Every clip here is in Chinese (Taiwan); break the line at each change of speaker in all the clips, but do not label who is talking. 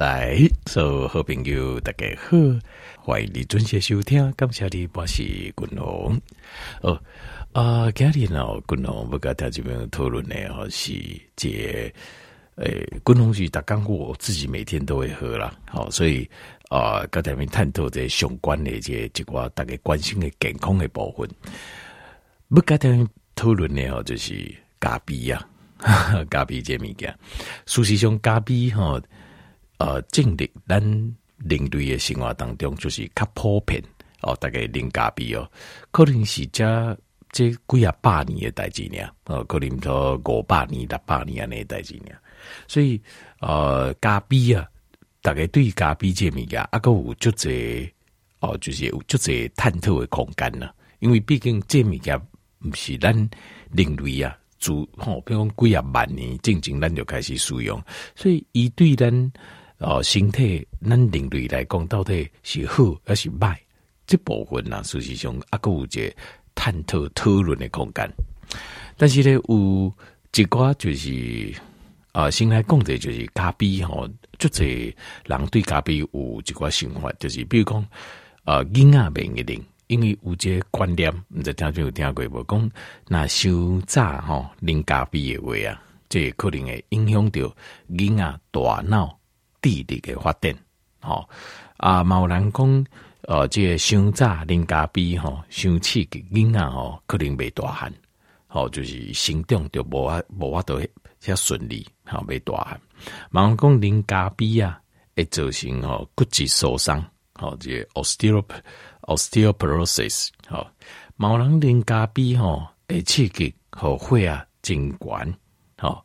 來，所、so, 有好朋友大家好，歡迎你準時收聽。感謝你我是君宏哦啊、呃，今天呢、哦，君宏不跟大家這邊討論的哦，是一個誒，君宏是逐工，我自己每天都會喝啦。好、哦，所以啊、呃，跟大家探討這相關的這個、這些，即個大家關心的健康的部分。不跟大家討論的哦，就是咖啡呀、啊哈哈，咖啡這物件，事實上咖啡哈、哦。呃，正的咱人類嘅生活當中，就是較普遍哦，大概零咖啡哦，可能是這即幾啊百年嘅代志量哦，可能到五百年、六百年嘅代志量。所以呃，咖啡啊，大家對咖啡這物件，啊閣有足儕哦，就是有足儕探討嘅空間呢、啊。因為畢竟這物件唔是咱人類啊，主吼，比、哦、如講幾啊萬年正經咱就開始使用，所以伊對咱。哦，身體咱人類來講到底是好還是歹，這部分呢，事實上啊，閣有一個個探討討論的空間。但是呢，有一寡就是啊、呃，先來講者，就是咖啡吼，即、哦、個人對咖啡有一寡想法，就是比如講啊，囡仔袂用啉，因為有即個觀念，毋知，聽眾有聽過無？講若傷早吼，啉、哦、咖啡的話啊，這可能會影響着囡仔大腦。地理嘅發展，吼、哦、啊！某人講、呃這個，哦，即傷早啉咖啡，吼，傷刺激囡仔，吼、哦，可能未大漢，吼、哦，就是行動就無啊，無法，度遐順利，吼、哦，未大漢。某人講啉咖啡啊，會造成吼、哦、骨質疏鬆吼，即、哦這個、Osteop osteoporosis，好、哦。某人啉咖啡，吼，會刺激骨灰啊，經懸吼。哦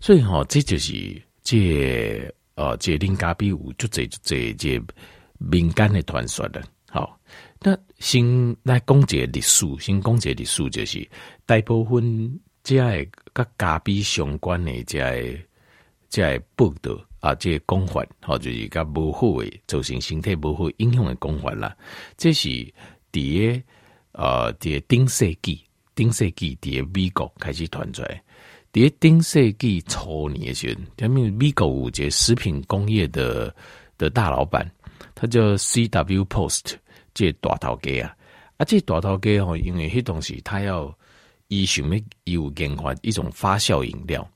所以吼、哦，這就是這個、呃這令、個、咖啡有，就這這這民間的傳說的。好，那先來講歷史，先講歷史就是大部分這個跟咖啡相關的這這報導啊，這講法好就是跟不好的，造成身體不好影響的講法了。這是在呃在頂世紀頂世紀在美國開始團轉。佇頂世紀初年的時，頂面美國有一個食品工業的的大老板，他叫 C W Post，這個大頭家啊，啊這個、大頭家哦，因為迄同時他要伊想要有研發一種發酵飲料，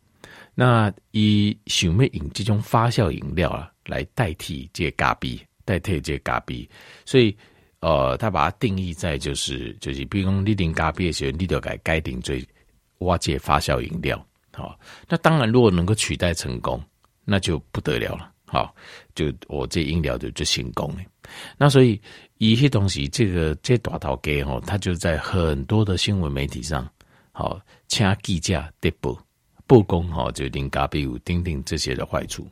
那伊想要用這種發酵飲料啊來代替這個咖啡，代替這個咖啡，所以呃，他把它定義在就是就是，比如講你飲咖啡的時候，你得改改定做我這個發酵飲料。哦，那當然，如果能夠取代成功，那就不得了了。好，就我、哦、這音療就就成功了。那所以一些東西，這個這大島街哦，他就在很多的新聞媒體上，好掐計價、跌波、不公哦，就零嘎比五釘釘這些的壞處。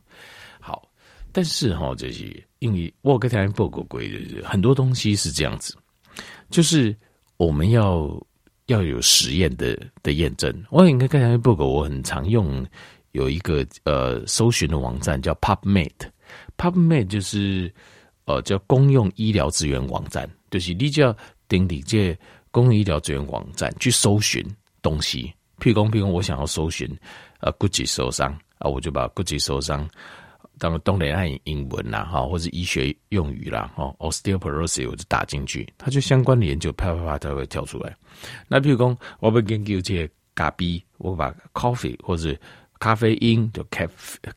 好，但是哈、哦，就是因為我跟他人報過鬼、就是，很多東西是這樣子，就是我們要。要有實驗的的驗證。我應該剛才不苟，我很常用有一個呃搜尋的網站叫 PubMed，PubMed 就是呃叫公用醫療資源網站，就是你就要點點這公用醫療資源網站去搜尋東西。譬如說，譬如我想要搜尋呃啊骨折受傷啊，我就把骨折受傷。當然，東雷愛英文啦，哈，或者醫學用語啦，哦，osteoporosis，我就打進去，它就相關的研究，啪啪啪，它會跳出來。那譬如講，我要研究這個咖啡，我把 coffee 或者咖啡因就 caf,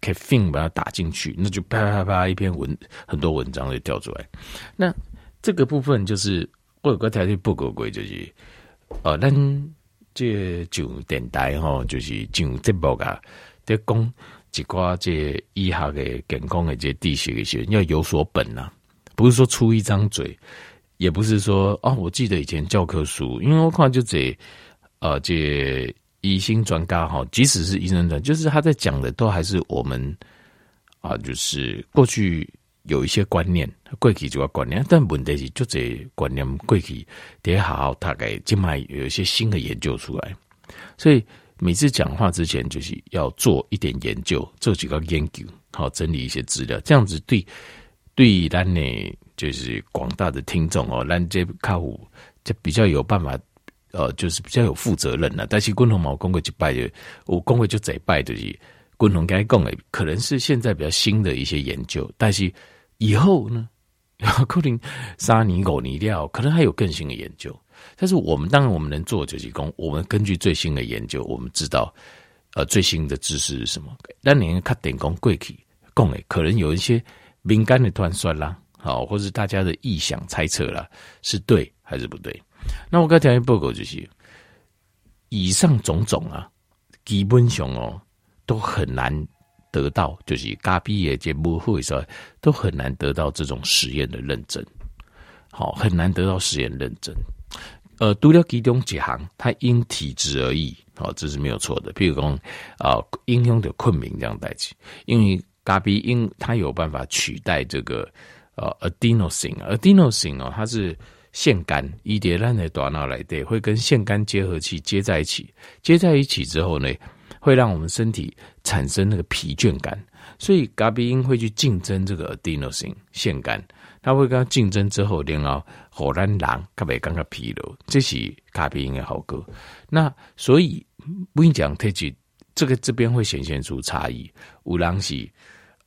caffeine 把它打進去，那就啪啪啪，一篇文很多文章就跳出來。那這個部分就是我有報告過，就是呃，我個台，就不苟貴，就是呃咱這講電台哈，就是講直播啊，得講。一些這個這醫學的健康嘅這體系嘅些，要有所本啊，不是說出一張嘴，也不是說啊、哦，我記得以前教科書，因為我看就這，呃，這醫生專家哈，即使是醫生專家，就是他在講的都還是我們啊，就是過去有一些觀念，過去就要觀念，但問題是就這觀念過去得好好，大概起碼有一些新的研究出來，所以。每次講話之前，就是要做一點研究，做幾個研究，好、喔、整理一些資料，這樣子對，對於咱的就是廣大的聽眾哦，咱、喔、這客戶就比較有辦法，呃，就是比較有負責任了。但是共同矛工會就拜，我工會就再拜，就是共同該共的，可能是現在比較新的一些研究，但是以後呢，科林沙尼狗泥料可能還有更新的研究。但是我們當然，我們能做就是講。我們根據最新的研究，我們知道，呃，最新的知識是什麼？那你看點供貴體供誒，可能有一些敏感的斷算酸啦，好，或者大家的臆想猜測啦，是對還是不對？那我剛才講的報告就是，以上種種啊，基本上哦，都很難得到，就是咖啡也接幕會說，都很難得到這種實驗的認證，好、哦，很難得到實驗認證。呃，多了其中幾行，它因體質而異，好、哦，這是沒有錯的。譬如講，啊、呃，應用的困名這樣代替，因為咖啡因它有辦法取代這個呃，adenosine，adenosine adenosine 哦，它是腺苷一疊爛的短腦來的，會跟腺苷結合器接在一起，接在一起之後呢，會讓我們身體產生那個疲倦感，所以咖啡因會去競爭這個 adenosine 腺苷，它會跟它競爭之後，然後。果咱人較袂感覺疲勞，這是咖啡因的效果。那所以我跟你講，特級這個這邊會顯現出差異。有人是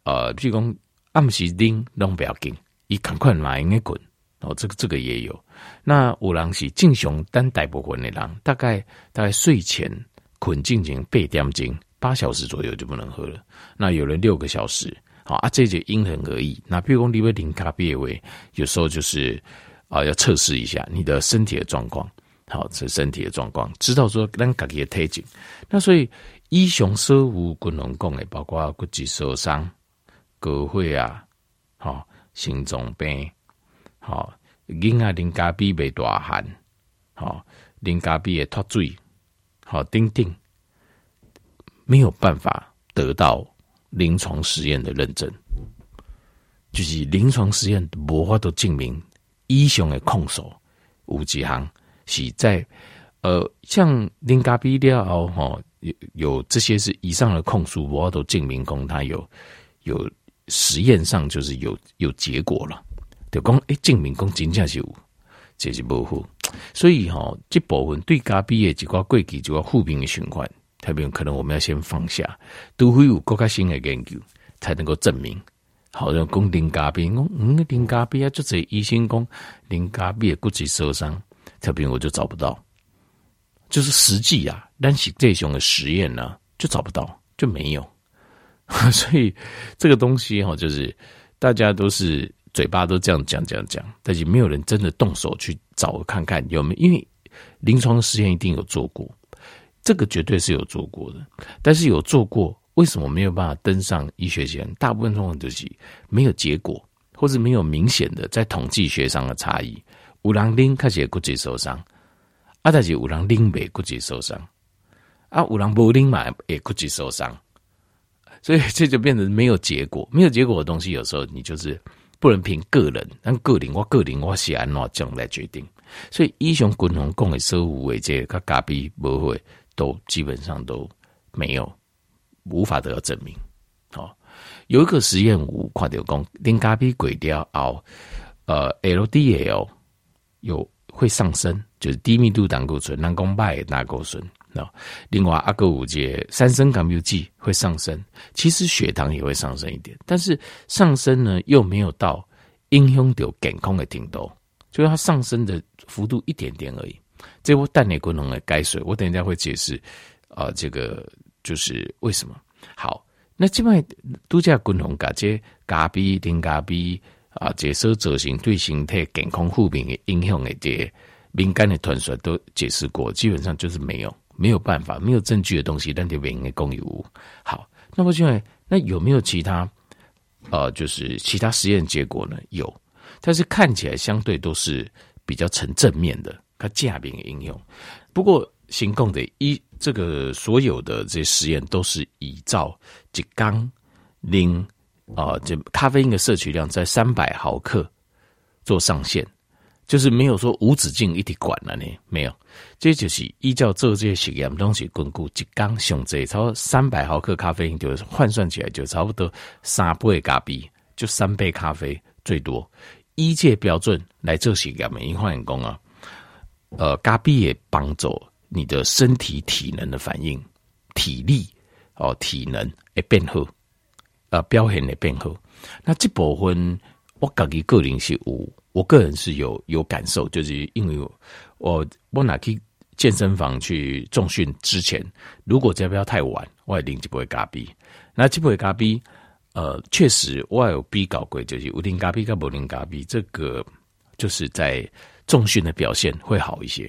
呃，比如講暗時啉攏袂要緊，伊趕快馬應該滾哦。這個這個也有。那有人是正常單大部分的人，大概大概睡前困，靜靜八點鐘，八小時左右就不能喝了。那有人六個小時，好、喔、啊，這就因人而異。那比如講你要啉咖啡的話，有時候就是。啊、哦，要測試一下你的身體的狀況，好、哦，這身體的狀況知道說，咱家己的體質。那所以醫生說無可能講的，包括骨質疏鬆、骨灰啊，好、哦，心臟病，好、哦，嬰兒啉咖啡未大汗、好、哦，啉咖啡也脫水、好、哦，等等，沒有辦法得到臨床實驗的認證，就是臨床實驗無法度證明。以上的控訴，有幾項是在，呃，像林咖啡了後吼，有有這些是以上的控訴，我都證明講，他有有實驗上就是有有結果了，就講誒證明講真正是有，這是不好。所以吼，這部分對咖啡的幾個過去主要負面的循環，特別可能我們要先放下，除非有閣較新的研究才能夠證明。好像零加幣，我五個零加幣啊，就這醫生講零加幣也骨骼受傷，特別我就找不到，就是實際啊，但是這種的實驗呢、啊，就找不到，就沒有。 所以這個東西哈，就是大家都是嘴巴都這樣講講講，但是沒有人真的動手去找看看有沒有，因為臨床實驗一定有做過，這個絕對是有做過的，但是有做過。為什麼沒有辦法登上醫學界？大部分狀況就是沒有結果，或是沒有明顯的在統計學上的差異。有人拎開始骨質疏鬆，啊但是有人拎沒骨質疏鬆，啊有人不拎嘛也骨質疏鬆，所以這就變成沒有結果。沒有結果的東西，有時候你就是不能憑個人、按個人我個人我喜歡哪醬來決定。所以英雄共同共的收入位這個、咖啡不會都基本上都沒有。無法得到證明。好、喔，有一個實驗，五塊到工，丁卡比鬼掉，哦，呃，L D L 有,有會上升，就是低密度膽固醇，膽固醇。那、喔、另外阿個五節三酸甘油酯會上升，其實血糖也會上升一點，但是上升呢又沒有到影響到健康的程度，就是它上升的幅度一點點而已。這部蛋類功能的鈣水，我等一下會解釋啊、呃，這個。就是為什麼？好，那基本度假滾同感覺咖啡丁咖啡啊，解說者行對心態健康負面影響的這些民間的傳說都解釋過，基本上就是沒有，沒有辦法，沒有證據的東西，那就不應該講有。好，那麼現在那有沒有其他呃，就是其他實驗結果呢？有，但是看起來相對都是比較成正面的，它正面的影響。不過行動的一。這個所有的這些實驗都是依照一缸零、呃、咖啡因的攝取量在三百毫克做上限，就是沒有說無止境一提管了呢。沒有，這就是依照做這些實驗東西根據一缸想這，差不多三百毫克咖啡因就換算起來就差不多三杯咖啡，就三杯咖啡最多依這標準來做實驗，民營化工啊，呃咖啡也幫助。你的身體體能的反應，體力哦，體能也變好，呃，表現也變好。那這部分，我個人個人是無，我個人是有有感受，就是因為我我拿去健身房去重訓之前，如果這不要太晚，我一定就不會喝咖啡。那這不會喝咖啡，呃，確實我有比較過，就是一定咖啡，有跟本沒喝咖啡，這個就是在重訓的表現會好一些。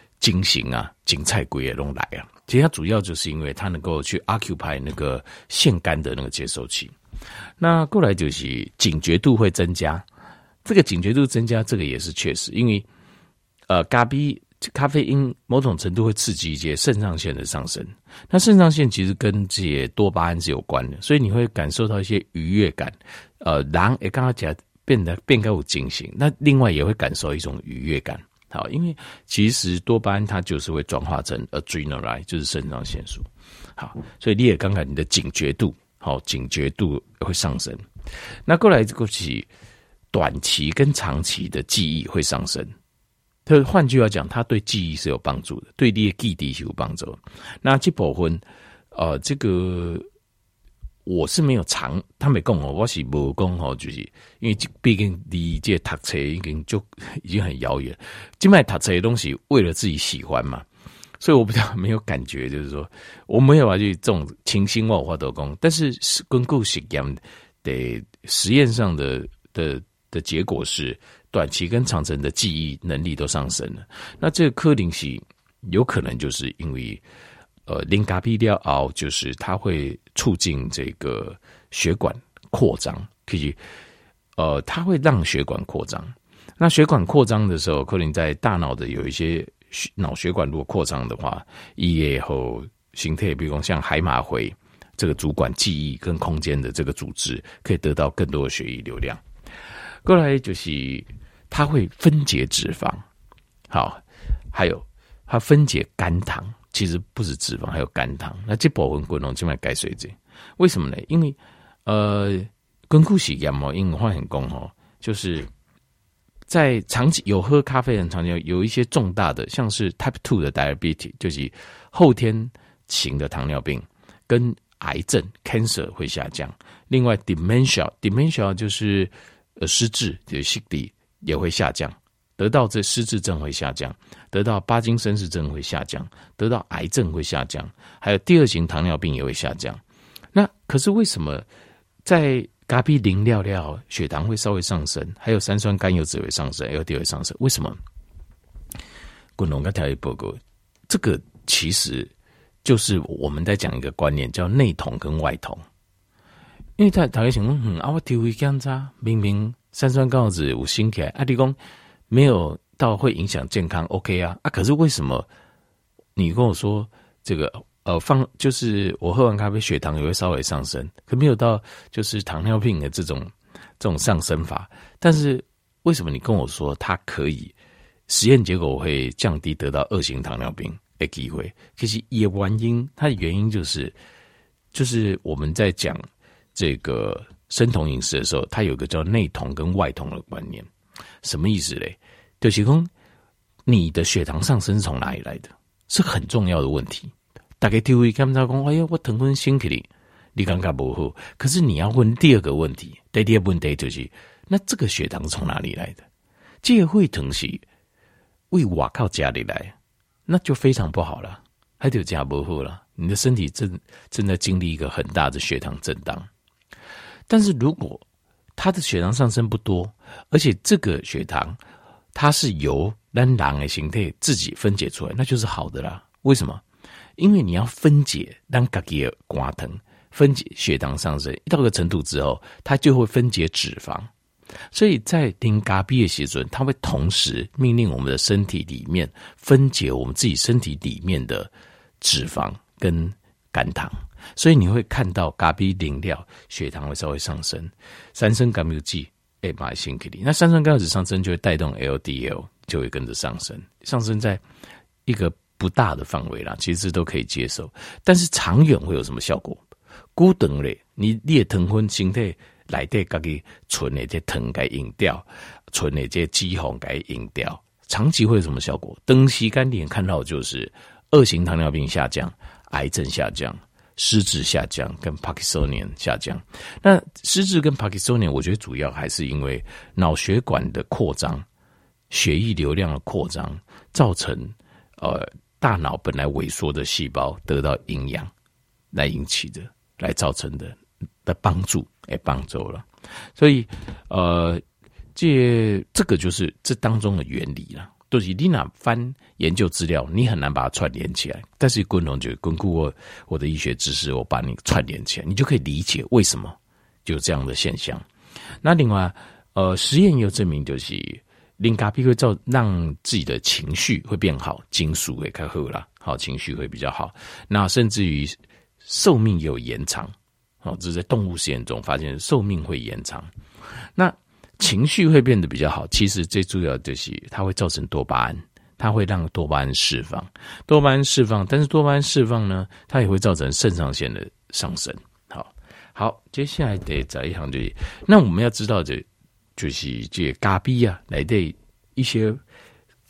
警醒啊，警菜鬼也弄來啊！其實它主要就是因為它能夠去 occupy 那個腺苷的那個接收器，那過來就是警覺度會增加。這個警覺度增加，這個也是確實，因為呃咖啡咖啡因某種程度會刺激一些腎上腺的上升。那腎上腺其實跟這些多巴胺是有關的，所以你會感受到一些愉悅感。呃，讓誒剛剛講變得變更警醒，那另外也會感受一種愉悅感。好，因為其實多巴胺它就是會轉化成 adrenaline，就是腎上腺素。好，所以你也剛講你的警覺度，好，警覺度會上升。那過來這個，短期跟長期的記憶會上升。它換句話講，它對記憶是有幫助的，對你的記憶是有幫助的。那這部分，呃，這個。我是沒有嘗，他沒講哦，我是沒講哦。就是因為畢竟第一屆踏車已經就已經很遙遠，這賣踏車的東西為了自己喜歡嘛，所以我比較沒有感覺，就是說我沒有去這種情心萬化打工，但是是跟故事一樣，得實驗上的的的結果是短期跟長程的記憶能力都上升了，那這個柯林是有可能就是因為。呃，靈卡必料熬就是它會促進這個血管擴張，可以，呃，它會讓血管擴張。那血管擴張的時候，可能在大腦的有一些腦血管如果擴張的話，一夜以後，形態比如說像海馬回這個主管記憶跟空間的這個組織，可以得到更多的血液流量。過來就是它會分解脂肪，好，還有它分解肝糖。其實不是脂肪，還有肝糖。那這保溫功能就賣改善者，這個，為什麼呢？因為呃，跟過去一樣嘛，因為化工哦，就是在長期有喝咖啡，很常見，有一些重大的，像是 Type Two 的 Diabetes，就是後天型的糖尿病，跟癌症 Cancer 會下降。另外，Dementia，Dementia Dementia 就是呃失智，就是失憶，也會下降，得到這失智症會下降。得到巴金森氏症會下降，得到癌症會下降，還有第二型糖尿病也會下降。那可是為什麼在咖啡零尿尿血糖會稍微上升，還有三酸甘油酯會上升，LDL 會上升？為什麼？股東跟調也不這個其實就是我們在講一個觀念，叫內痛跟外痛。因為他台灣請問，阿 TUV 相差明明三酸甘油酯五星級，阿、啊、你講沒有。到會影響健康，OK 啊啊！可是為什麼你跟我說這個呃，放就是我喝完咖啡血糖也會稍微上升，可沒有到就是糖尿病的這種這種上升法。但是為什麼你跟我說它可以實驗結果會降低得到二型糖尿病的機會？其實也有原因，它的原因就是，就是我們在講這個生酮飲食的時候，它有個叫內酮跟外酮的觀念，什麼意思嘞？就是說你的血糖上升是從哪裡來的，是很重要的問題。打開 T V，看到哎呀，我疼昏心，克里，你尷尬不喝？”可是你要問第二個問題，第二個問題就是，那這個血糖是從哪裡來的？借會疼息為瓦靠家裡來，這個裡來，這個裡來，那就非常不好了，還得加不喝了。你的身體正正在經歷一個很大的血糖震盪。但是如果他的血糖上升不多，而且這個血糖，它是由咱人的形態自己分解出來，那就是好的啦。為什麼？因為你要分解，讓咖啡肝糖分解，血糖上升，一到一個程度之後，它就會分解脂肪。所以在喝咖啡的時候，它會同時命令我們的身體裡面分解我們自己身體裡面的脂肪跟肝糖。所以你會看到咖啡飲料血糖會稍微上升，三酸甘油酯。哎，蠻辛苦的。那三酸甘油酯上升就會帶動 LDL，就會跟着上升。上升在一個不大的範圍啦，其實都可以接受。但是長遠會有什麼效果？孤等嘞，你列糖分形態來得加給存嘞，這糖，該引掉，存嘞這脂肪該引掉。長期會有什麼效果？等時間點看到，就是二型糖尿病下降，癌症下降。失智下降跟帕金森尼下降，那失智跟帕金森尼我覺得主要還是因為腦血管的擴張、血液流量的擴張，造成呃大腦本來萎縮的細胞得到營養來引起的、來造成的的幫助，哎幫助了，所以呃這這個就是這當中的原理啦。就是你呢，翻研究資料，你很難把它串聯起來。但是，昆同就根據我我的醫學知識，我把你串聯起來，你就可以理解為什麼有這樣的現象。那另外，呃，實驗也有證明，就是喝咖啡會造讓自己的情緒會變好，好情緒會開喝了，好情緒會比較好。那甚至於壽命也有延長，好，這是在動物實驗中發現壽命會延長。那。情緒會變得比較好，其實最主要就是它會造成多巴胺，它會讓多巴胺釋放，多巴胺釋放，但是多巴胺釋放呢，它也會造成腎上腺的上升。好，好，接下來得找一行就是，那我們要知道的、就是，就是這個咖啡啊，來對一些，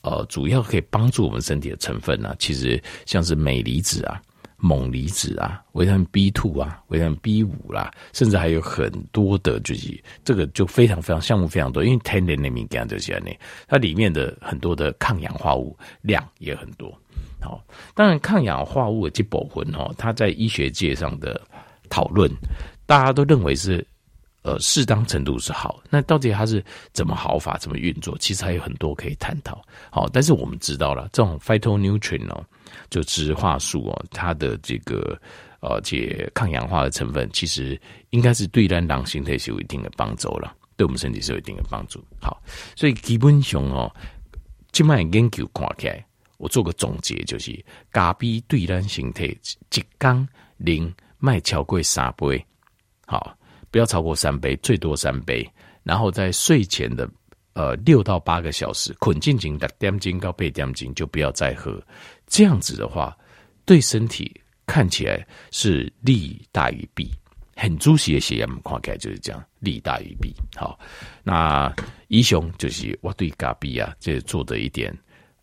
呃，主要可以幫助我們身體的成分呢、啊，其實像是鎂離子啊。錳離子啊，維他命 B two 啊，維他命 B 五啦，甚至還有很多的，就是這個就非常非常項目非常多，因為天然甘得些呢，它裡面的很多的抗氧化物量也很多。好、哦，當然抗氧化物去保魂哦，它在醫學界上的討論，大家都認為是。呃，適當程度是好，那到底它是怎麼好法，怎麼運作？其實還有很多可以探討。好，但是我們知道了這種 phytonutrient、哦、就植化素哦，它的這個呃，且抗氧化的成分，其實應該是對人身體是有一定的幫助了，對我們身體是有一定的幫助。好，所以基本上哦，今研究看起來，我做個總結，就是咖啡對人身體一天呢別超過三杯，好。不要超過三杯，最多三杯，然後在睡前的呃六到八個小時，困進進的 d i 高背膏被，就不要再喝，這樣子的話，對身體看起來是利大於弊，很豬足些些 m 框架就是這樣，利大於弊。好，那醫雄就是我對咖啡啊，這、就是、做的一點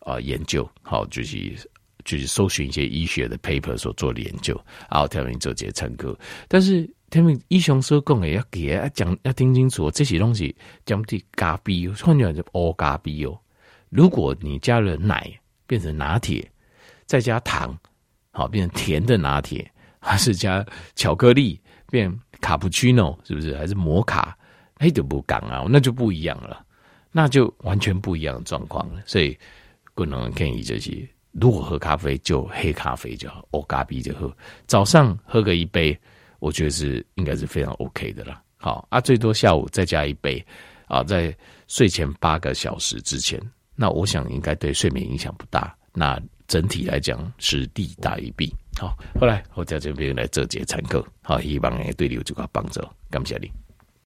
啊、呃、研究，好就是就是搜尋一些醫學的 paper 所做的研究，然後挑明做些唱歌，但是。他們醫生說：“過誒，要給要講要聽清楚，這些東西講的咖啡，換言之，哦，咖啡哦。如果你加了奶，變成拿鐵，再加糖，好，變成甜的拿鐵；還是加巧克力，變卡布奇諾，是不是？還是摩卡？哎，就不講啊，那就不一樣了，那就完全不一樣的狀況了。所以，不能建議這些。如果喝咖啡就，就黑咖啡就好，哦，咖啡就喝。早上喝個一杯。”我覺得是應該是非常 OK 的啦。好啊，最多下午再加一杯，啊，在睡前八個小時之前，那我想應該對睡眠影響不大。那整體來講是利大於弊。好，後來我在這邊來這節參課，好，希望也對你有這個幫助，感謝你。